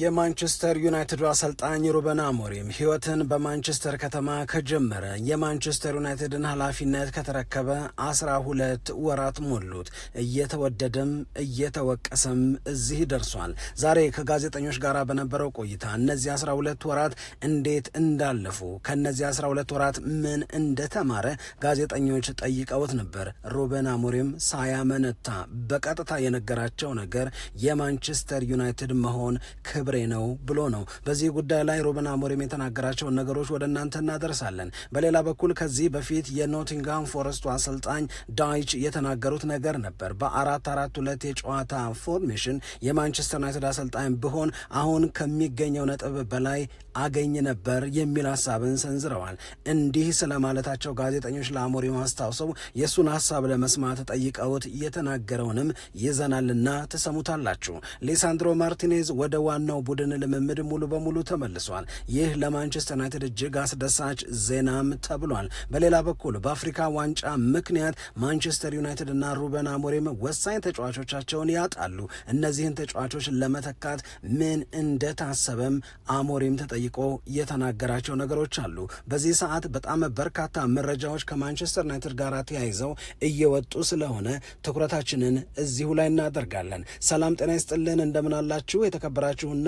የማንቸስተር ዩናይትዱ አሰልጣኝ ሩበን አሞሪም ህይወትን በማንቸስተር ከተማ ከጀመረ የማንቸስተር ዩናይትድን ኃላፊነት ከተረከበ አስራ ሁለት ወራት ሞሉት። እየተወደደም እየተወቀሰም እዚህ ደርሷል። ዛሬ ከጋዜጠኞች ጋር በነበረው ቆይታ እነዚህ አስራ ሁለት ወራት እንዴት እንዳለፉ ከእነዚህ አስራ ሁለት ወራት ምን እንደተማረ ጋዜጠኞች ጠይቀውት ነበር። ሩበን አሞሪም ሳያመነታ በቀጥታ የነገራቸው ነገር የማንቸስተር ዩናይትድ መሆን ክብ ክብሬ ነው ብሎ ነው። በዚህ ጉዳይ ላይ ሩበን አሞሪም የተናገራቸውን ነገሮች ወደ እናንተ እናደርሳለን። በሌላ በኩል ከዚህ በፊት የኖቲንጋም ፎረስቱ አሰልጣኝ ዳይች የተናገሩት ነገር ነበር። በአራት አራት ሁለት የጨዋታ ፎርሜሽን የማንቸስተር ዩናይትድ አሰልጣኝ ብሆን አሁን ከሚገኘው ነጥብ በላይ አገኝ ነበር የሚል ሀሳብን ሰንዝረዋል። እንዲህ ስለማለታቸው ጋዜጠኞች ለአሞሪም አስታውሰው የእሱን ሀሳብ ለመስማት ጠይቀውት የተናገረውንም ይዘናልና ትሰሙታላችሁ። ሌሳንድሮ ማርቲኔዝ ወደ ዋናው የዋናው ቡድን ልምምድ ሙሉ በሙሉ ተመልሷል። ይህ ለማንቸስተር ዩናይትድ እጅግ አስደሳች ዜናም ተብሏል። በሌላ በኩል በአፍሪካ ዋንጫ ምክንያት ማንቸስተር ዩናይትድ እና ሩበን አሞሪም ወሳኝ ተጫዋቾቻቸውን ያጣሉ። እነዚህን ተጫዋቾች ለመተካት ምን እንደታሰበም አሞሪም ተጠይቆ የተናገራቸው ነገሮች አሉ። በዚህ ሰዓት በጣም በርካታ መረጃዎች ከማንቸስተር ዩናይትድ ጋር ተያይዘው እየወጡ ስለሆነ ትኩረታችንን እዚሁ ላይ እናደርጋለን። ሰላም ጤና ይስጥልን፣ እንደምናላችሁ የተከበራችሁና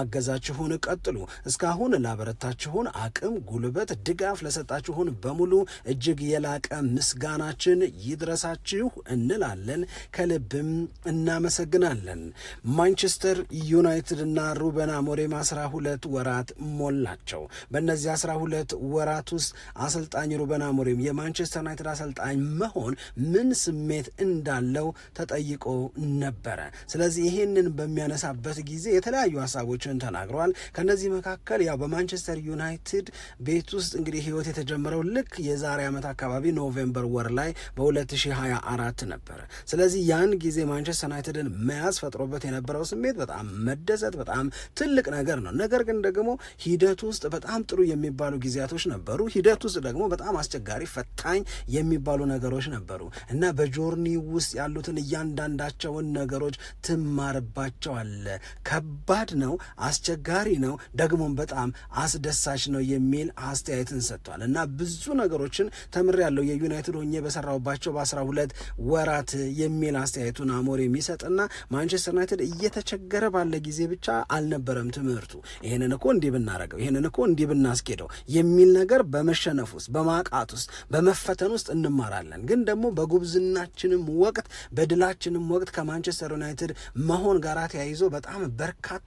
ማገዛችሁን ቀጥሉ። እስካሁን ላበረታችሁን አቅም፣ ጉልበት፣ ድጋፍ ለሰጣችሁን በሙሉ እጅግ የላቀ ምስጋናችን ይድረሳችሁ እንላለን። ከልብም እናመሰግናለን። ማንቸስተር ዩናይትድና ሩበን አሞሪም አስራ ሁለት ወራት ሞላቸው። በእነዚህ አስራ ሁለት ወራት ውስጥ አሰልጣኝ ሩበን አሞሪም የማንቸስተር ዩናይትድ አሰልጣኝ መሆን ምን ስሜት እንዳለው ተጠይቆ ነበረ። ስለዚህ ይህንን በሚያነሳበት ጊዜ የተለያዩ ሀሳቦች ነገሮችን ተናግረዋል። ከነዚህ መካከል ያው በማንቸስተር ዩናይትድ ቤት ውስጥ እንግዲህ ህይወት የተጀመረው ልክ የዛሬ ዓመት አካባቢ ኖቬምበር ወር ላይ በ2024 ነበረ። ስለዚህ ያን ጊዜ ማንቸስተር ዩናይትድን መያዝ ፈጥሮበት የነበረው ስሜት በጣም መደሰት በጣም ትልቅ ነገር ነው። ነገር ግን ደግሞ ሂደት ውስጥ በጣም ጥሩ የሚባሉ ጊዜያቶች ነበሩ። ሂደት ውስጥ ደግሞ በጣም አስቸጋሪ ፈታኝ የሚባሉ ነገሮች ነበሩ እና በጆርኒ ውስጥ ያሉትን እያንዳንዳቸውን ነገሮች ትማርባቸዋለ። ከባድ ነው። አስቸጋሪ ነው፣ ደግሞም በጣም አስደሳች ነው የሚል አስተያየትን ሰጥቷል። እና ብዙ ነገሮችን ተምሬያለሁ የዩናይትድ ሆኜ በሰራሁባቸው በአስራ ሁለት ወራት የሚል አስተያየቱን አሞር የሚሰጥና ማንቸስተር ዩናይትድ እየተቸገረ ባለ ጊዜ ብቻ አልነበረም ትምህርቱ። ይህንን እኮ እንዲህ ብናረገው፣ ይህንን እኮ እንዲህ ብናስኬደው የሚል ነገር በመሸነፍ ውስጥ፣ በማቃት ውስጥ፣ በመፈተን ውስጥ እንማራለን። ግን ደግሞ በጉብዝናችንም ወቅት በድላችንም ወቅት ከማንቸስተር ዩናይትድ መሆን ጋር ተያይዞ በጣም በርካታ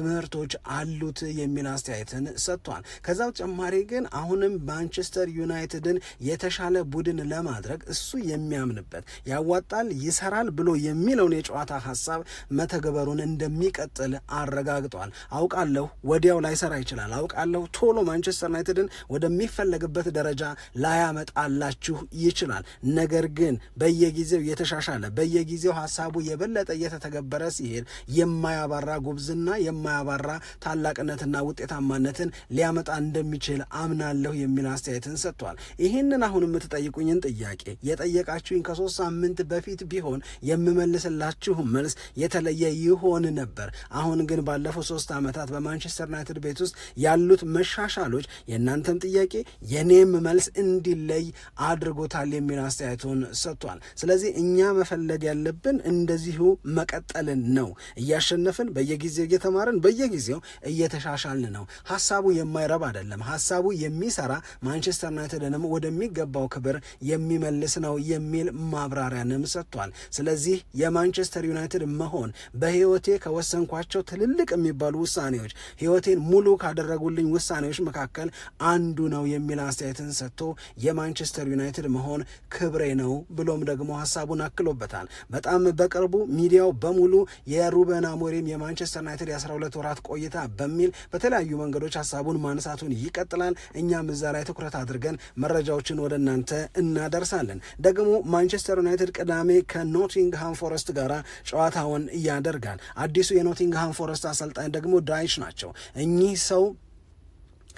ትምህርቶች አሉት የሚል አስተያየትን ሰጥቷል። ከዛ በተጨማሪ ግን አሁንም ማንቸስተር ዩናይትድን የተሻለ ቡድን ለማድረግ እሱ የሚያምንበት ያዋጣል፣ ይሰራል ብሎ የሚለውን የጨዋታ ሀሳብ መተግበሩን እንደሚቀጥል አረጋግጧል። አውቃለሁ ወዲያው ላይሰራ ይችላል። አውቃለሁ ቶሎ ማንቸስተር ዩናይትድን ወደሚፈለግበት ደረጃ ላያመጣላችሁ ይችላል። ነገር ግን በየጊዜው የተሻሻለ በየጊዜው ሀሳቡ የበለጠ እየተተገበረ ሲሄድ የማያባራ ጉብዝና የማ የማያባራ ታላቅነትና ውጤታማነትን ሊያመጣ እንደሚችል አምናለሁ የሚል አስተያየትን ሰጥቷል። ይህንን አሁን የምትጠይቁኝን ጥያቄ የጠየቃችሁኝ ከሶስት ሳምንት በፊት ቢሆን የምመልስላችሁ መልስ የተለየ ይሆን ነበር። አሁን ግን ባለፉት ሶስት ዓመታት በማንቸስተር ዩናይትድ ቤት ውስጥ ያሉት መሻሻሎች የእናንተም ጥያቄ የኔም መልስ እንዲለይ አድርጎታል የሚል አስተያየቱን ሰጥቷል። ስለዚህ እኛ መፈለግ ያለብን እንደዚሁ መቀጠልን ነው። እያሸነፍን በየጊዜው እየተማርን በየጊዜው እየተሻሻልን ነው። ሀሳቡ የማይረብ አይደለም። ሀሳቡ የሚሰራ ማንቸስተር ዩናይትድንም ወደሚገባው ክብር የሚመልስ ነው የሚል ማብራሪያንም ሰጥቷል። ስለዚህ የማንቸስተር ዩናይትድ መሆን በህይወቴ ከወሰንኳቸው ትልልቅ የሚባሉ ውሳኔዎች፣ ህይወቴን ሙሉ ካደረጉልኝ ውሳኔዎች መካከል አንዱ ነው የሚል አስተያየትን ሰጥቶ የማንቸስተር ዩናይትድ መሆን ክብሬ ነው ብሎም ደግሞ ሀሳቡን አክሎበታል። በጣም በቅርቡ ሚዲያው በሙሉ የሩበን አሞሪም የማንቸስተር ዩናይትድ የ12 ሁለት ወራት ቆይታ በሚል በተለያዩ መንገዶች ሀሳቡን ማንሳቱን ይቀጥላል። እኛም እዛ ላይ ትኩረት አድርገን መረጃዎችን ወደ እናንተ እናደርሳለን። ደግሞ ማንቸስተር ዩናይትድ ቅዳሜ ከኖቲንግሃም ፎረስት ጋር ጨዋታውን ያደርጋል። አዲሱ የኖቲንግሃም ፎረስት አሰልጣኝ ደግሞ ዳይች ናቸው። እኚህ ሰው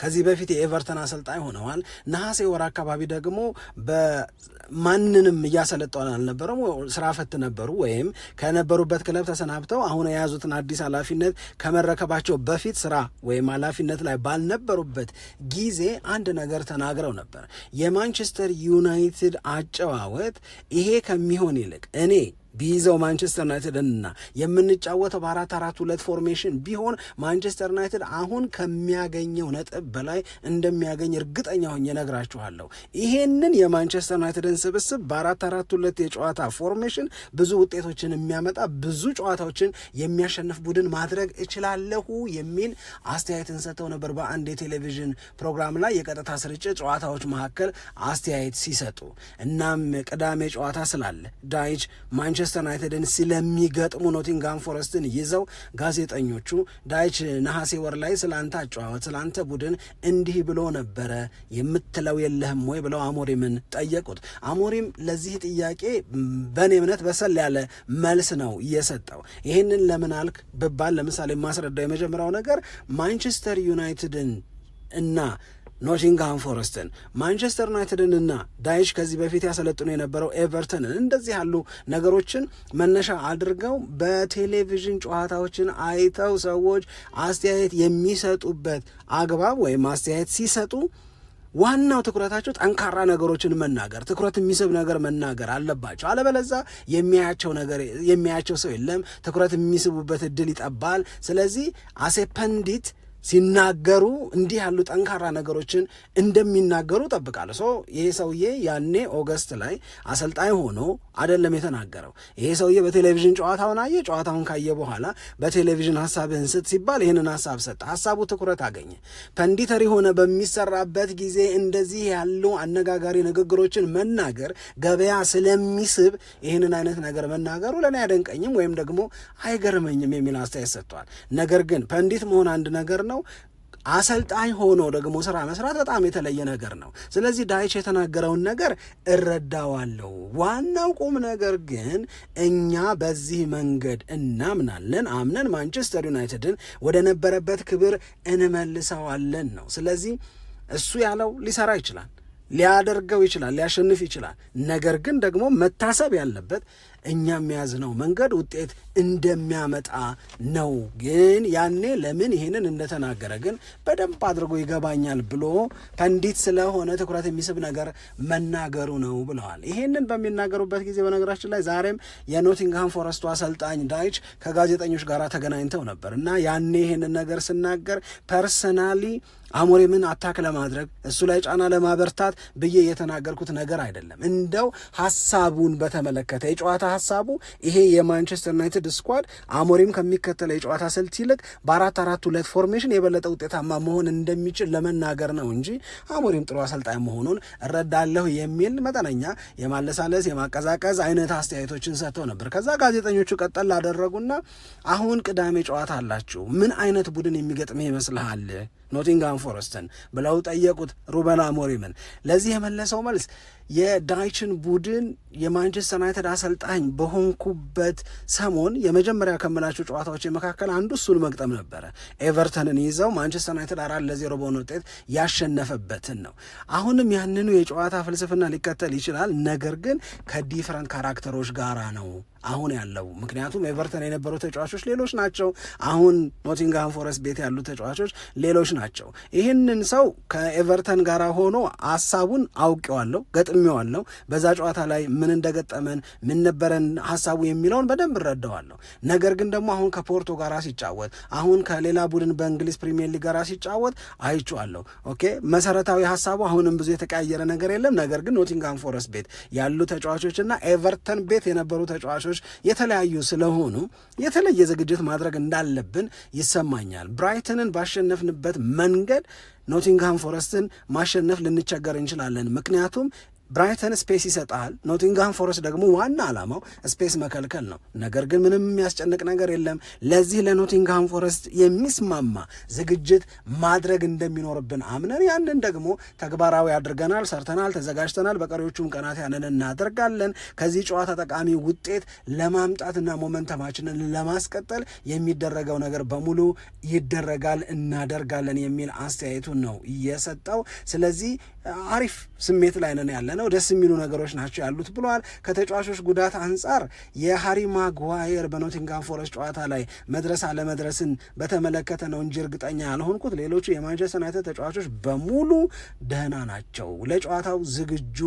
ከዚህ በፊት የኤቨርተን አሰልጣኝ ሆነዋል። ነሐሴ ወር አካባቢ ደግሞ ማንንም እያሰለጠነ አልነበረም። ስራ ፈት ነበሩ ወይም ከነበሩበት ክለብ ተሰናብተው አሁን የያዙትን አዲስ ኃላፊነት ከመረከባቸው በፊት ስራ ወይም ኃላፊነት ላይ ባልነበሩበት ጊዜ አንድ ነገር ተናግረው ነበር። የማንቸስተር ዩናይትድ አጨዋወት ይሄ ከሚሆን ይልቅ እኔ ቢይዘው ማንቸስተር ዩናይትድንና የምንጫወተው በአራት አራት ሁለት ፎርሜሽን ቢሆን ማንቸስተር ዩናይትድ አሁን ከሚያገኘው ነጥብ በላይ እንደሚያገኝ እርግጠኛ ሆኜ እነግራችኋለሁ። ይሄንን የማንቸስተር ዩናይትድ ያለን ስብስብ በአራት አራት ሁለት የጨዋታ ፎርሜሽን ብዙ ውጤቶችን የሚያመጣ ብዙ ጨዋታዎችን የሚያሸንፍ ቡድን ማድረግ እችላለሁ የሚል አስተያየትን ሰጥተው ነበር በአንድ የቴሌቪዥን ፕሮግራም ላይ የቀጥታ ስርጭት ጨዋታዎች መካከል አስተያየት ሲሰጡ እናም ቅዳሜ ጨዋታ ስላለ ዳይች ማንቸስተር ዩናይትድን ስለሚገጥሙ ኖቲንጋም ፎረስትን ይዘው ጋዜጠኞቹ ዳይች ነሐሴ ወር ላይ ስለአንተ አጨዋወት ስለአንተ ቡድን እንዲህ ብሎ ነበረ የምትለው የለህም ወይ ብለው አሞሪምን ጠየቁት። አሞሪም ለዚህ ጥያቄ በእኔ እምነት በሰል ያለ መልስ ነው እየሰጠው ይህንን ለምን አልክ ብባል ለምሳሌ የማስረዳው የመጀመሪያው ነገር ማንቸስተር ዩናይትድን እና ኖቲንግሃም ፎረስትን ማንቸስተር ዩናይትድን እና ዳይሽ ከዚህ በፊት ያሰለጥኑ የነበረው ኤቨርተንን እንደዚህ ያሉ ነገሮችን መነሻ አድርገው በቴሌቪዥን ጨዋታዎችን አይተው ሰዎች አስተያየት የሚሰጡበት አግባብ ወይም አስተያየት ሲሰጡ ዋናው ትኩረታቸው ጠንካራ ነገሮችን መናገር፣ ትኩረት የሚስብ ነገር መናገር አለባቸው። አለበለዛ የሚያያቸው ነገር የሚያያቸው ሰው የለም። ትኩረት የሚስቡበት እድል ይጠባል። ስለዚህ አሴ ፐንዲት ሲናገሩ እንዲህ ያሉ ጠንካራ ነገሮችን እንደሚናገሩ ጠብቃለሁ። ሶ ይሄ ሰውዬ ያኔ ኦገስት ላይ አሰልጣኝ ሆኖ አይደለም የተናገረው። ይሄ ሰውዬ በቴሌቪዥን ጨዋታውን አየ። ጨዋታውን ካየ በኋላ በቴሌቪዥን ሀሳብህን ስጥ ሲባል ይህንን ሀሳብ ሰጠ። ሀሳቡ ትኩረት አገኘ። ፐንዲተሪ ሆነ በሚሰራበት ጊዜ እንደዚህ ያሉ አነጋጋሪ ንግግሮችን መናገር ገበያ ስለሚስብ ይህንን አይነት ነገር መናገሩ ለእኔ አያደንቀኝም ወይም ደግሞ አይገርመኝም የሚል አስተያየት ሰጥቷል። ነገር ግን ፐንዲት መሆን አንድ ነገር ነው ነው። አሰልጣኝ ሆኖ ደግሞ ስራ መስራት በጣም የተለየ ነገር ነው። ስለዚህ ዳይች የተናገረውን ነገር እረዳዋለሁ። ዋናው ቁም ነገር ግን እኛ በዚህ መንገድ እናምናለን፣ አምነን ማንቸስተር ዩናይትድን ወደ ነበረበት ክብር እንመልሰዋለን ነው። ስለዚህ እሱ ያለው ሊሰራ ይችላል፣ ሊያደርገው ይችላል፣ ሊያሸንፍ ይችላል። ነገር ግን ደግሞ መታሰብ ያለበት እኛ የያዝነው መንገድ ውጤት እንደሚያመጣ ነው። ግን ያኔ ለምን ይህንን እንደተናገረ ግን በደንብ አድርጎ ይገባኛል ብሎ ፐንዲት ስለሆነ ትኩረት የሚስብ ነገር መናገሩ ነው ብለዋል። ይህንን በሚናገሩበት ጊዜ በነገራችን ላይ ዛሬም የኖቲንግሃም ፎረስቱ አሰልጣኝ ዳይች ከጋዜጠኞች ጋር ተገናኝተው ነበር እና ያኔ ይህንን ነገር ስናገር ፐርሰናሊ አሞሪምን አታክ ለማድረግ እሱ ላይ ጫና ለማበርታት ብዬ የተናገርኩት ነገር አይደለም። እንደው ሀሳቡን በተመለከተ የጨዋታ ሀሳቡ ይሄ የማንቸስተር ዩናይትድ ስኳድ አሞሪም ከሚከተለው የጨዋታ ስልት ይልቅ በአራት አራት ሁለት ፎርሜሽን የበለጠ ውጤታማ መሆን እንደሚችል ለመናገር ነው እንጂ አሞሪም ጥሩ አሰልጣኝ መሆኑን እረዳለሁ የሚል መጠነኛ የማለሳለስ የማቀዛቀዝ አይነት አስተያየቶችን ሰጥተው ነበር። ከዛ ጋዜጠኞቹ ቀጠል ላደረጉና አሁን ቅዳሜ ጨዋታ አላችሁ፣ ምን አይነት ቡድን የሚገጥምህ ይመስልሃል? ኖቲንግሃም ፎረስትን ብለው ጠየቁት ሩበን አሞሪምን። ለዚህ የመለሰው መልስ የዳይችን ቡድን የማንቸስተር ዩናይትድ አሰልጣኝ በሆንኩበት ሰሞን የመጀመሪያ ከምላቸው ጨዋታዎች መካከል አንዱ እሱን መግጠም ነበረ። ኤቨርተንን ይዘው ማንቸስተር ዩናይትድ አራት ለዜሮ በሆነ ውጤት ያሸነፈበትን ነው። አሁንም ያንኑ የጨዋታ ፍልስፍና ሊከተል ይችላል፣ ነገር ግን ከዲፍረንት ካራክተሮች ጋራ ነው አሁን ያለው። ምክንያቱም ኤቨርተን የነበሩ ተጫዋቾች ሌሎች ናቸው። አሁን ኖቲንግሃም ፎረስት ቤት ያሉ ተጫዋቾች ሌሎች ናቸው። ናቸው። ይህንን ሰው ከኤቨርተን ጋር ሆኖ ሀሳቡን አውቄዋለሁ፣ ገጥሜዋለሁ። በዛ ጨዋታ ላይ ምን እንደገጠመን ምን ነበረን ሀሳቡ የሚለውን በደንብ እረዳዋለሁ። ነገር ግን ደግሞ አሁን ከፖርቶ ጋር ሲጫወት፣ አሁን ከሌላ ቡድን በእንግሊዝ ፕሪሚየር ሊግ ጋር ሲጫወት አይቼዋለሁ። ኦኬ መሰረታዊ ሀሳቡ አሁንም ብዙ የተቀያየረ ነገር የለም። ነገር ግን ኖቲንግሃም ፎረስት ቤት ያሉ ተጫዋቾችና ኤቨርተን ቤት የነበሩ ተጫዋቾች የተለያዩ ስለሆኑ የተለየ ዝግጅት ማድረግ እንዳለብን ይሰማኛል። ብራይተንን ባሸነፍንበት መንገድ ኖቲንግሃም ፎረስትን ማሸነፍ ልንቸገር እንችላለን። ምክንያቱም ብራይተን ስፔስ ይሰጣል። ኖቲንግሃም ፎረስት ደግሞ ዋና ዓላማው ስፔስ መከልከል ነው። ነገር ግን ምንም የሚያስጨንቅ ነገር የለም። ለዚህ ለኖቲንግሃም ፎረስት የሚስማማ ዝግጅት ማድረግ እንደሚኖርብን አምነን ያንን ደግሞ ተግባራዊ አድርገናል፣ ሰርተናል፣ ተዘጋጅተናል። በቀሪዎቹም ቀናት ያንን እናደርጋለን። ከዚህ ጨዋታ ጠቃሚ ውጤት ለማምጣትና ሞመንተማችንን ለማስቀጠል የሚደረገው ነገር በሙሉ ይደረጋል፣ እናደርጋለን የሚል አስተያየቱን ነው የሰጠው። ስለዚህ አሪፍ ስሜት ላይ ነን ያለነው ነው። ደስ የሚሉ ነገሮች ናቸው ያሉት ብለዋል። ከተጫዋቾች ጉዳት አንጻር የሃሪ ማጓየር በኖቲንጋም ፎረስት ጨዋታ ላይ መድረስ አለመድረስን በተመለከተ ነው እንጂ እርግጠኛ ያልሆንኩት ሌሎቹ የማንቸስተር ዩናይትድ ተጫዋቾች በሙሉ ደህና ናቸው፣ ለጨዋታው ዝግጁ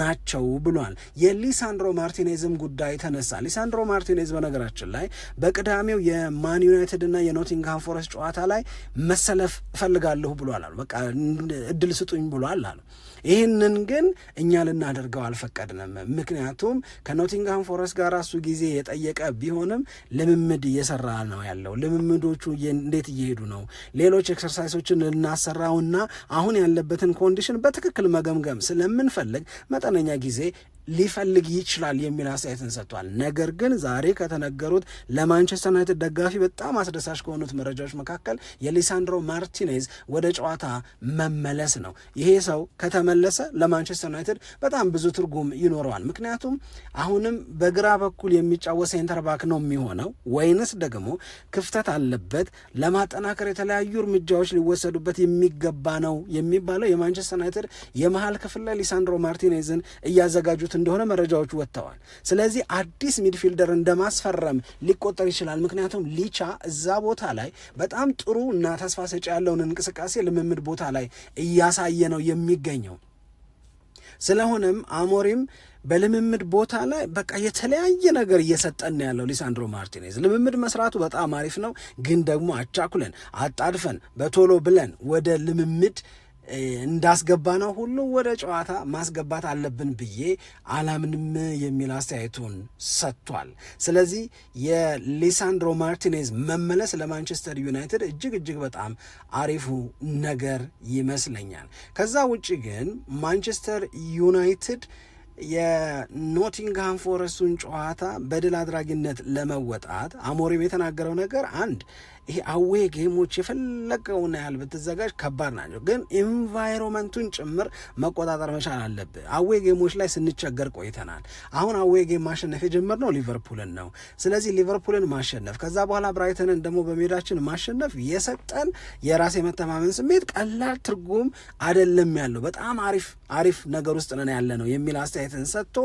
ናቸው ብሏል። የሊሳንድሮ ማርቲኔዝም ጉዳይ ተነሳ። ሊሳንድሮ ማርቲኔዝ በነገራችን ላይ በቅዳሜው የማን ዩናይትድ እና የኖቲንግሃም ፎረስት ጨዋታ ላይ መሰለፍ እፈልጋለሁ ብሏል አሉ። በቃ እድል ስጡኝ ብሏል አሉ። ይህንን ግን እኛ ልናደርገው አልፈቀድንም። ምክንያቱም ከኖቲንግሃም ፎረስት ጋር እሱ ጊዜ የጠየቀ ቢሆንም ልምምድ እየሰራ ነው ያለው። ልምምዶቹ እንዴት እየሄዱ ነው? ሌሎች ኤክሰርሳይሶችን ልናሰራውና አሁን ያለበትን ኮንዲሽን በትክክል መገምገም ስለምንፈልግ መጠነኛ ጊዜ ሊፈልግ ይችላል የሚል አስተያየትን ሰጥቷል። ነገር ግን ዛሬ ከተነገሩት ለማንቸስተር ዩናይትድ ደጋፊ በጣም አስደሳች ከሆኑት መረጃዎች መካከል የሊሳንድሮ ማርቲኔዝ ወደ ጨዋታ መመለስ ነው። ይሄ ሰው ከተመለሰ ለማንቸስተር ዩናይትድ በጣም ብዙ ትርጉም ይኖረዋል። ምክንያቱም አሁንም በግራ በኩል የሚጫወት ሴንተር ባክ ነው የሚሆነው ወይንስ ደግሞ ክፍተት አለበት፣ ለማጠናከር የተለያዩ እርምጃዎች ሊወሰዱበት የሚገባ ነው የሚባለው የማንቸስተር ዩናይትድ የመሀል ክፍል ላይ ሊሳንድሮ ማርቲኔዝን እያዘጋጁት እንደሆነ መረጃዎች ወጥተዋል። ስለዚህ አዲስ ሚድፊልደር እንደማስፈረም ሊቆጠር ይችላል። ምክንያቱም ሊቻ እዛ ቦታ ላይ በጣም ጥሩ እና ተስፋ ሰጪ ያለውን እንቅስቃሴ ልምምድ ቦታ ላይ እያሳየ ነው የሚገኘው። ስለሆነም አሞሪም በልምምድ ቦታ ላይ በቃ የተለያየ ነገር እየሰጠን ያለው ሊሳንድሮ ማርቲኔዝ ልምምድ መስራቱ በጣም አሪፍ ነው፣ ግን ደግሞ አቻኩለን አጣድፈን በቶሎ ብለን ወደ ልምምድ እንዳስገባ ነው ሁሉ ወደ ጨዋታ ማስገባት አለብን ብዬ አላምንም የሚል አስተያየቱን ሰጥቷል። ስለዚህ የሊሳንድሮ ማርቲኔዝ መመለስ ለማንቸስተር ዩናይትድ እጅግ እጅግ በጣም አሪፉ ነገር ይመስለኛል። ከዛ ውጭ ግን ማንቸስተር ዩናይትድ የኖቲንግሃም ፎረስቱን ጨዋታ በድል አድራጊነት ለመወጣት አሞሪም የተናገረው ነገር አንድ ይሄ አዌ ጌሞች የፈለገውን ያህል ብትዘጋጅ ከባድ ናቸው፣ ግን ኢንቫይሮመንቱን ጭምር መቆጣጠር መቻል አለብ። አዌ ጌሞች ላይ ስንቸገር ቆይተናል። አሁን አዌ ጌም ማሸነፍ የጀመርነው ሊቨርፑልን ነው። ስለዚህ ሊቨርፑልን ማሸነፍ ከዛ በኋላ ብራይተንን ደግሞ በሜዳችን ማሸነፍ የሰጠን የራስ የመተማመን ስሜት ቀላል ትርጉም አይደለም ያለው በጣም አሪፍ አሪፍ ነገር ውስጥ ነን ያለ ነው የሚል አስተያየትን ሰጥቶ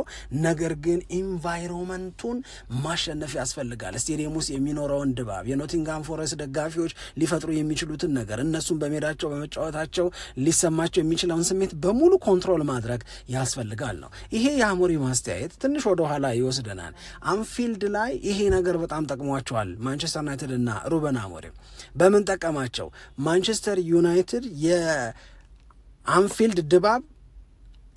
ነገር ግን ኢንቫይሮመንቱን ማሸነፍ ያስፈልጋል። ስቴዲየም ውስጥ የሚኖረውን ድባብ የኖቲንጋም ፎረስ ደጋፊዎች ሊፈጥሩ የሚችሉትን ነገር እነሱን በሜዳቸው በመጫወታቸው ሊሰማቸው የሚችለውን ስሜት በሙሉ ኮንትሮል ማድረግ ያስፈልጋል ነው። ይሄ የአሞሪ ማስተያየት ትንሽ ወደኋላ ይወስደናል። አንፊልድ ላይ ይሄ ነገር በጣም ጠቅሟቸዋል። ማንቸስተር ዩናይትድ እና ሩበን አሞሪም በምን ጠቀማቸው? ማንቸስተር ዩናይትድ የአንፊልድ ድባብ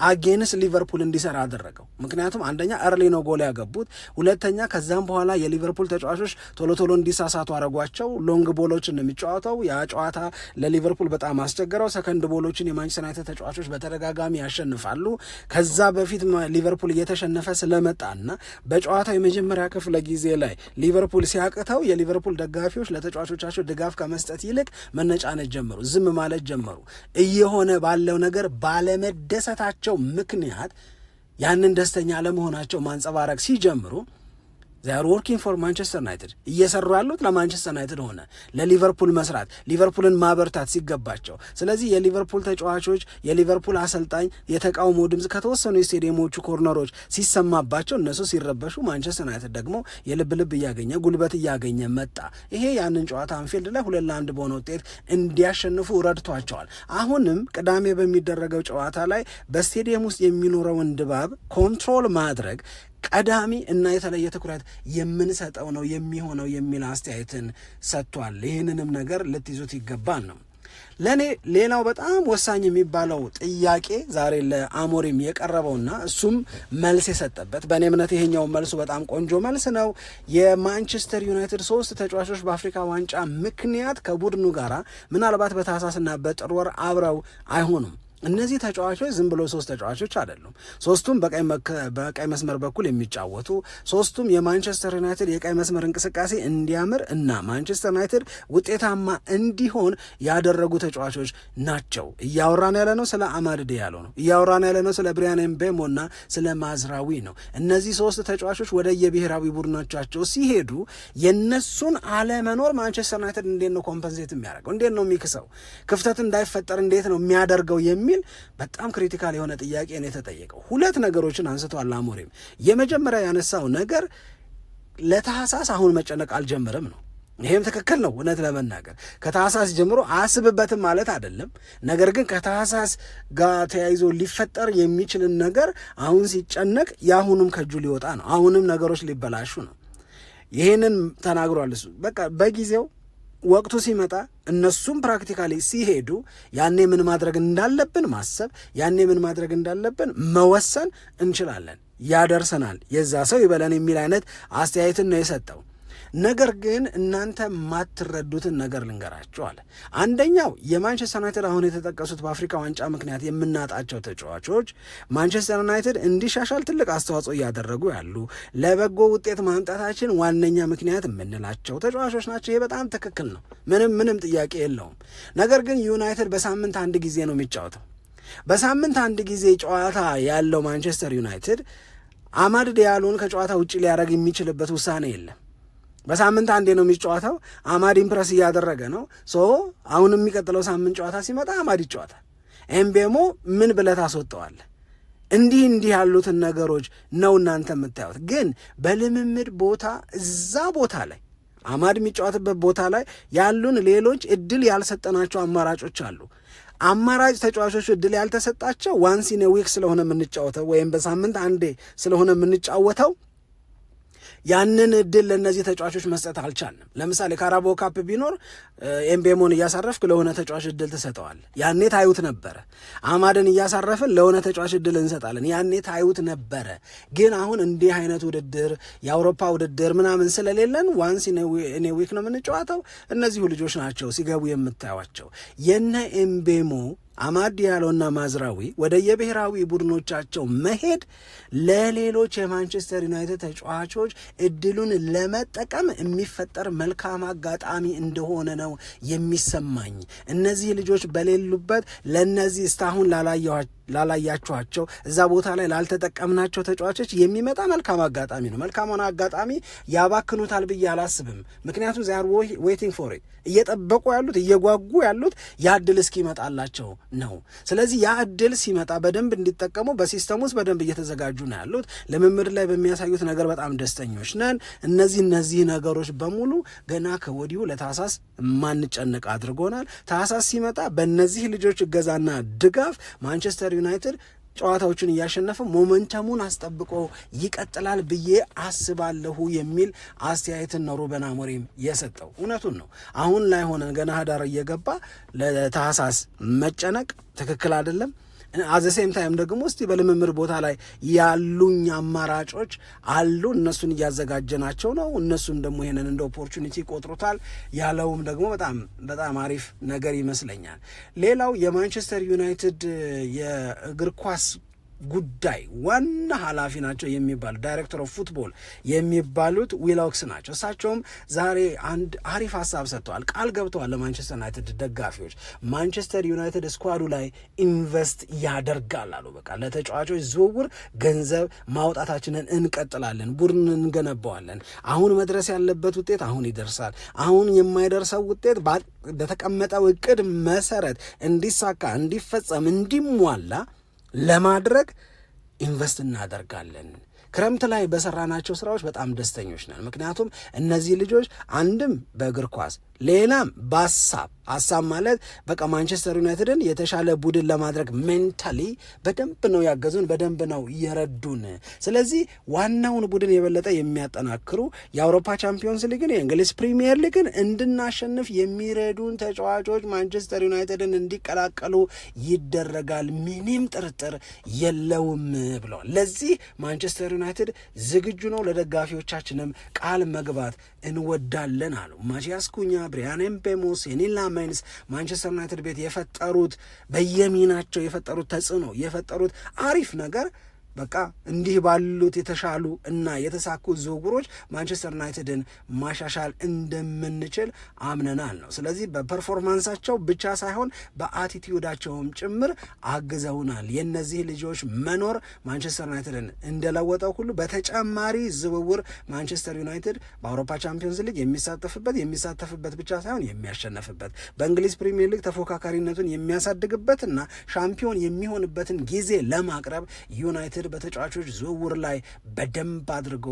አጌንስ ሊቨርፑል እንዲሰራ አደረገው። ምክንያቱም አንደኛ እርሊ ነው ጎል ያገቡት፣ ሁለተኛ ከዛም በኋላ የሊቨርፑል ተጫዋቾች ቶሎ ቶሎ እንዲሳሳቱ አረጓቸው። ሎንግ ቦሎችን የሚጫወተው። ያ ጨዋታ ለሊቨርፑል በጣም አስቸገረው። ሰከንድ ቦሎችን የማንቸስተር ዩናይትድ ተጫዋቾች በተደጋጋሚ ያሸንፋሉ። ከዛ በፊት ሊቨርፑል እየተሸነፈ ስለመጣና በጨዋታው የመጀመሪያ ክፍለ ጊዜ ላይ ሊቨርፑል ሲያቅተው የሊቨርፑል ደጋፊዎች ለተጫዋቾቻቸው ድጋፍ ከመስጠት ይልቅ መነጫነት ጀመሩ፣ ዝም ማለት ጀመሩ። እየሆነ ባለው ነገር ባለመደሰታቸው በመሆናቸው ምክንያት ያንን ደስተኛ ለመሆናቸው ማንጸባረቅ ሲጀምሩ ዘር ወርኪንግ ፎር ማንቸስተር ዩናይትድ እየሰሩ ያሉት ለማንቸስተር ዩናይትድ ሆነ ለሊቨርፑል መስራት ሊቨርፑልን ማበርታት ሲገባቸው። ስለዚህ የሊቨርፑል ተጫዋቾች፣ የሊቨርፑል አሰልጣኝ የተቃውሞ ድምፅ ከተወሰኑ የስቴዲየሞቹ ኮርነሮች ሲሰማባቸው እነሱ ሲረበሹ፣ ማንቸስተር ዩናይትድ ደግሞ የልብ ልብ እያገኘ ጉልበት እያገኘ መጣ። ይሄ ያንን ጨዋታ አንፊልድ ላይ ሁለት ለአንድ በሆነ ውጤት እንዲያሸንፉ ረድቷቸዋል። አሁንም ቅዳሜ በሚደረገው ጨዋታ ላይ በስቴዲየም ውስጥ የሚኖረውን ድባብ ኮንትሮል ማድረግ ቀዳሚ እና የተለየ ትኩረት የምንሰጠው ነው የሚሆነው የሚል አስተያየትን ሰጥቷል። ይህንንም ነገር ልትይዙት ይገባል ነው ለእኔ ሌላው በጣም ወሳኝ የሚባለው ጥያቄ ዛሬ ለአሞሪም የቀረበውና እሱም መልስ የሰጠበት በእኔ እምነት ይሄኛው መልሱ በጣም ቆንጆ መልስ ነው። የማንቸስተር ዩናይትድ ሶስት ተጫዋቾች በአፍሪካ ዋንጫ ምክንያት ከቡድኑ ጋራ ምናልባት በታህሳስና በጥር ወር አብረው አይሆኑም። እነዚህ ተጫዋቾች ዝም ብሎ ሶስት ተጫዋቾች አይደሉም። ሶስቱም በቀይ መስመር በኩል የሚጫወቱ ሶስቱም የማንቸስተር ዩናይትድ የቀይ መስመር እንቅስቃሴ እንዲያምር እና ማንቸስተር ዩናይትድ ውጤታማ እንዲሆን ያደረጉ ተጫዋቾች ናቸው። እያወራን ያለ ነው ስለ አማድ ዲያሎ ነው። እያወራን ያለ ነው ስለ ብሪያን ኤምቤሞ እና ስለ ማዝራዊ ነው። እነዚህ ሶስት ተጫዋቾች ወደ የብሔራዊ ቡድኖቻቸው ሲሄዱ የነሱን አለመኖር ማንቸስተር ዩናይትድ እንዴት ነው ኮምፐንሴት የሚያደርገው? እንዴት ነው የሚክሰው? ክፍተት እንዳይፈጠር እንዴት ነው የሚያደርገው የሚል ግን በጣም ክሪቲካል የሆነ ጥያቄ ነው የተጠየቀው። ሁለት ነገሮችን አንስተዋል ላሞሪም የመጀመሪያ ያነሳው ነገር ለታህሳስ አሁን መጨነቅ አልጀምርም ነው። ይህም ትክክል ነው። እውነት ለመናገር ከታህሳስ ጀምሮ አስብበትም ማለት አይደለም። ነገር ግን ከታህሳስ ጋር ተያይዞ ሊፈጠር የሚችልን ነገር አሁን ሲጨነቅ የአሁኑም ከእጁ ሊወጣ ነው። አሁንም ነገሮች ሊበላሹ ነው። ይህንን ተናግሯል እሱ በቃ በጊዜው ወቅቱ ሲመጣ እነሱም ፕራክቲካሊ ሲሄዱ ያኔ ምን ማድረግ እንዳለብን ማሰብ፣ ያኔ ምን ማድረግ እንዳለብን መወሰን እንችላለን። ያደርሰናል፣ የዛ ሰው ይበለን የሚል አይነት አስተያየትን ነው የሰጠው። ነገር ግን እናንተ የማትረዱትን ነገር ልንገራችሁ አለ። አንደኛው የማንቸስተር ዩናይትድ አሁን የተጠቀሱት በአፍሪካ ዋንጫ ምክንያት የምናጣቸው ተጫዋቾች ማንቸስተር ዩናይትድ እንዲሻሻል ትልቅ አስተዋጽኦ እያደረጉ ያሉ ለበጎ ውጤት ማምጣታችን ዋነኛ ምክንያት የምንላቸው ተጫዋቾች ናቸው። ይሄ በጣም ትክክል ነው። ምንም ምንም ጥያቄ የለውም። ነገር ግን ዩናይትድ በሳምንት አንድ ጊዜ ነው የሚጫወተው። በሳምንት አንድ ጊዜ ጨዋታ ያለው ማንቸስተር ዩናይትድ አማድ ዲያሎን ከጨዋታ ውጭ ሊያደርግ የሚችልበት ውሳኔ የለም። በሳምንት አንዴ ነው የሚጫወተው። አማድ ኢምፕረስ እያደረገ ነው። ሶ አሁን የሚቀጥለው ሳምንት ጨዋታ ሲመጣ አማድ ይጫወታል። ኤምቤሞ ምን ብለህ ታስወጠዋለህ? እንዲህ እንዲህ ያሉትን ነገሮች ነው እናንተ የምታዩት። ግን በልምምድ ቦታ እዛ ቦታ ላይ አማድ የሚጫወትበት ቦታ ላይ ያሉን ሌሎች እድል ያልሰጠናቸው አማራጮች አሉ። አማራጭ ተጫዋቾች እድል ያልተሰጣቸው ዋንስ ኢን ዊክ ስለሆነ የምንጫወተው ወይም በሳምንት አንዴ ስለሆነ የምንጫወተው ያንን እድል ለእነዚህ ተጫዋቾች መስጠት አልቻልንም። ለምሳሌ ካራቦ ካፕ ቢኖር ኤምቤሞን እያሳረፍክ ለሆነ ተጫዋች እድል ትሰጠዋል። ያኔ ታዩት ነበረ። አማድን እያሳረፍን ለሆነ ተጫዋች እድል እንሰጣለን። ያኔ ታዩት ነበረ። ግን አሁን እንዲህ አይነት ውድድር የአውሮፓ ውድድር ምናምን ስለሌለን ዋንስ እኔ ዊክ ነው የምንጫዋተው። እነዚሁ ልጆች ናቸው ሲገቡ የምታዩቸው የነ ኤምቤሞ አማድ ያለውና ማዝራዊ ወደ የብሔራዊ ቡድኖቻቸው መሄድ ለሌሎች የማንቸስተር ዩናይትድ ተጫዋቾች እድሉን ለመጠቀም የሚፈጠር መልካም አጋጣሚ እንደሆነ ነው የሚሰማኝ። እነዚህ ልጆች በሌሉበት ለእነዚህ እስካሁን ላላየኋቸው ላላያችኋቸው እዛ ቦታ ላይ ላልተጠቀምናቸው ተጫዋቾች የሚመጣ መልካም አጋጣሚ ነው። መልካሙን አጋጣሚ ያባክኑታል ብዬ አላስብም። ምክንያቱም ዚያር ዌይቲንግ ፎር እየጠበቁ ያሉት እየጓጉ ያሉት ያ እድል እስኪመጣላቸው ነው። ስለዚህ ያ እድል ሲመጣ በደንብ እንዲጠቀሙ በሲስተም ውስጥ በደንብ እየተዘጋጁ ነው ያሉት። ልምምድ ላይ በሚያሳዩት ነገር በጣም ደስተኞች ነን። እነዚህ እነዚህ ነገሮች በሙሉ ገና ከወዲሁ ለታህሳስ ማንጨነቅ አድርጎናል። ታህሳስ ሲመጣ በእነዚህ ልጆች እገዛና ድጋፍ ማንቸስተር ዩናይትድ ጨዋታዎችን እያሸነፈ ሞመንተሙን አስጠብቆ ይቀጥላል ብዬ አስባለሁ የሚል አስተያየትን ነው ሩበን አሞሪም የሰጠው። እውነቱን ነው። አሁን ላይ ሆነ ገና ህዳር እየገባ ለታህሳስ መጨነቅ ትክክል አይደለም። አዘሴም ታይም ደግሞ እስቲ በልምምድ ቦታ ላይ ያሉኝ አማራጮች አሉ፣ እነሱን እያዘጋጀናቸው ነው። እነሱም ደግሞ ይህንን እንደ ኦፖርቹኒቲ ቆጥሮታል። ያለውም ደግሞ በጣም በጣም አሪፍ ነገር ይመስለኛል። ሌላው የማንቸስተር ዩናይትድ የእግር ኳስ ጉዳይ ዋና ኃላፊ ናቸው የሚባሉት ዳይሬክተር ኦፍ ፉትቦል የሚባሉት ዊሎክስ ናቸው። እሳቸውም ዛሬ አንድ አሪፍ ሀሳብ ሰጥተዋል፣ ቃል ገብተዋል ለማንቸስተር ዩናይትድ ደጋፊዎች። ማንቸስተር ዩናይትድ ስኳዱ ላይ ኢንቨስት ያደርጋል አሉ። በቃ ለተጫዋቾች ዝውውር ገንዘብ ማውጣታችንን እንቀጥላለን፣ ቡድን እንገነባዋለን። አሁን መድረስ ያለበት ውጤት አሁን ይደርሳል። አሁን የማይደርሰው ውጤት በተቀመጠው እቅድ መሰረት እንዲሳካ፣ እንዲፈጸም፣ እንዲሟላ ለማድረግ ኢንቨስት እናደርጋለን። ክረምት ላይ በሰራናቸው ስራዎች በጣም ደስተኞች ነን። ምክንያቱም እነዚህ ልጆች አንድም በእግር ኳስ ሌላም በሀሳብ ሀሳብ ማለት በቃ ማንቸስተር ዩናይትድን የተሻለ ቡድን ለማድረግ ሜንታሊ በደንብ ነው ያገዙን፣ በደንብ ነው የረዱን። ስለዚህ ዋናውን ቡድን የበለጠ የሚያጠናክሩ የአውሮፓ ቻምፒዮንስ ሊግን የእንግሊዝ ፕሪሚየር ሊግን እንድናሸንፍ የሚረዱን ተጫዋቾች ማንቸስተር ዩናይትድን እንዲቀላቀሉ ይደረጋል፣ ምንም ጥርጥር የለውም ብለዋል። ለዚህ ማንቸስተር ዩናይትድ ዝግጁ ነው፣ ለደጋፊዎቻችንም ቃል መግባት እንወዳለን አሉ ማቲያስ ኩኛ ብሪያን ኤምቤሞስ፣ የኒላ ማይንስ ማንቸስተር ዩናይትድ ቤት የፈጠሩት በየሚናቸው የፈጠሩት ተጽዕኖ የፈጠሩት አሪፍ ነገር በቃ እንዲህ ባሉት የተሻሉ እና የተሳኩ ዝውውሮች ማንቸስተር ዩናይትድን ማሻሻል እንደምንችል አምነናል ነው። ስለዚህ በፐርፎርማንሳቸው ብቻ ሳይሆን በአቲቲዩዳቸውም ጭምር አግዘውናል። የእነዚህ ልጆች መኖር ማንቸስተር ዩናይትድን እንደለወጠው ሁሉ በተጨማሪ ዝውውር ማንቸስተር ዩናይትድ በአውሮፓ ቻምፒዮንስ ሊግ የሚሳተፍበት የሚሳተፍበት ብቻ ሳይሆን የሚያሸነፍበት በእንግሊዝ ፕሪሚየር ሊግ ተፎካካሪነቱን የሚያሳድግበት ና ሻምፒዮን የሚሆንበትን ጊዜ ለማቅረብ ዩናይትድ መንገድ በተጫዋቾች ዝውውር ላይ በደንብ አድርጎ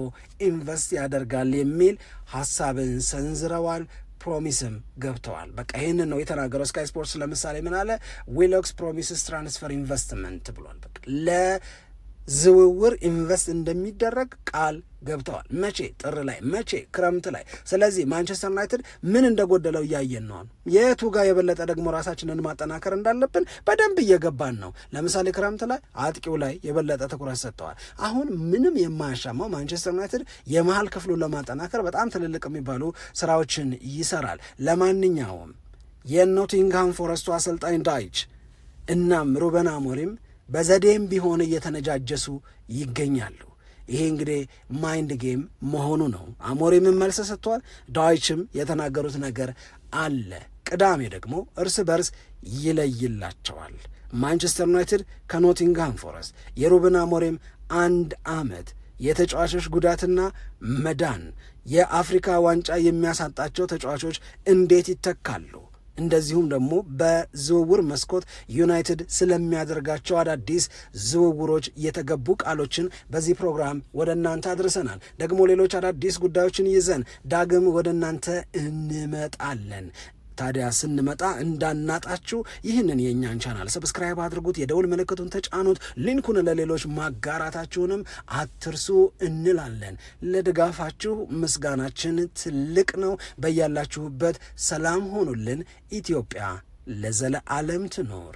ኢንቨስት ያደርጋል የሚል ሀሳብን ሰንዝረዋል። ፕሮሚስም ገብተዋል። በቃ ይህንን ነው የተናገረው። ስካይ ስፖርትስ ለምሳሌ ምን አለ? ዊሎክስ ፕሮሚስስ ትራንስፈር ኢንቨስትመንት ብሏል። በቃ ዝውውር ኢንቨስት እንደሚደረግ ቃል ገብተዋል። መቼ ጥር ላይ መቼ ክረምት ላይ። ስለዚህ ማንቸስተር ዩናይትድ ምን እንደጎደለው እያየን ነው። የቱ ጋር የበለጠ ደግሞ ራሳችንን ማጠናከር እንዳለብን በደንብ እየገባን ነው። ለምሳሌ ክረምት ላይ አጥቂው ላይ የበለጠ ትኩረት ሰጥተዋል። አሁን ምንም የማያሻማው ማንቸስተር ዩናይትድ የመሀል ክፍሉን ለማጠናከር በጣም ትልልቅ የሚባሉ ስራዎችን ይሰራል። ለማንኛውም የኖቲንግሃም ፎረስቱ አሰልጣኝ ዳይች እናም ሩበን አሞሪም በዘዴም ቢሆን እየተነጃጀሱ ይገኛሉ። ይሄ እንግዲህ ማይንድ ጌም መሆኑ ነው። አሞሪምም መልስ ሰጥቷል። ዳዊችም የተናገሩት ነገር አለ። ቅዳሜ ደግሞ እርስ በርስ ይለይላቸዋል። ማንቸስተር ዩናይትድ ከኖቲንግሃም ፎረስት የሩብን አሞሪም አንድ ዓመት የተጫዋቾች ጉዳትና መዳን የአፍሪካ ዋንጫ የሚያሳጣቸው ተጫዋቾች እንዴት ይተካሉ? እንደዚሁም ደግሞ በዝውውር መስኮት ዩናይትድ ስለሚያደርጋቸው አዳዲስ ዝውውሮች የተገቡ ቃሎችን በዚህ ፕሮግራም ወደ እናንተ አድርሰናል። ደግሞ ሌሎች አዳዲስ ጉዳዮችን ይዘን ዳግም ወደ እናንተ እንመጣለን። ታዲያ ስንመጣ እንዳናጣችሁ ይህንን የእኛን ቻናል ሰብስክራይብ አድርጉት፣ የደውል ምልክቱን ተጫኑት፣ ሊንኩን ለሌሎች ማጋራታችሁንም አትርሱ እንላለን። ለድጋፋችሁ ምስጋናችን ትልቅ ነው። በያላችሁበት ሰላም ሆኑልን። ኢትዮጵያ ለዘለዓለም ትኖር።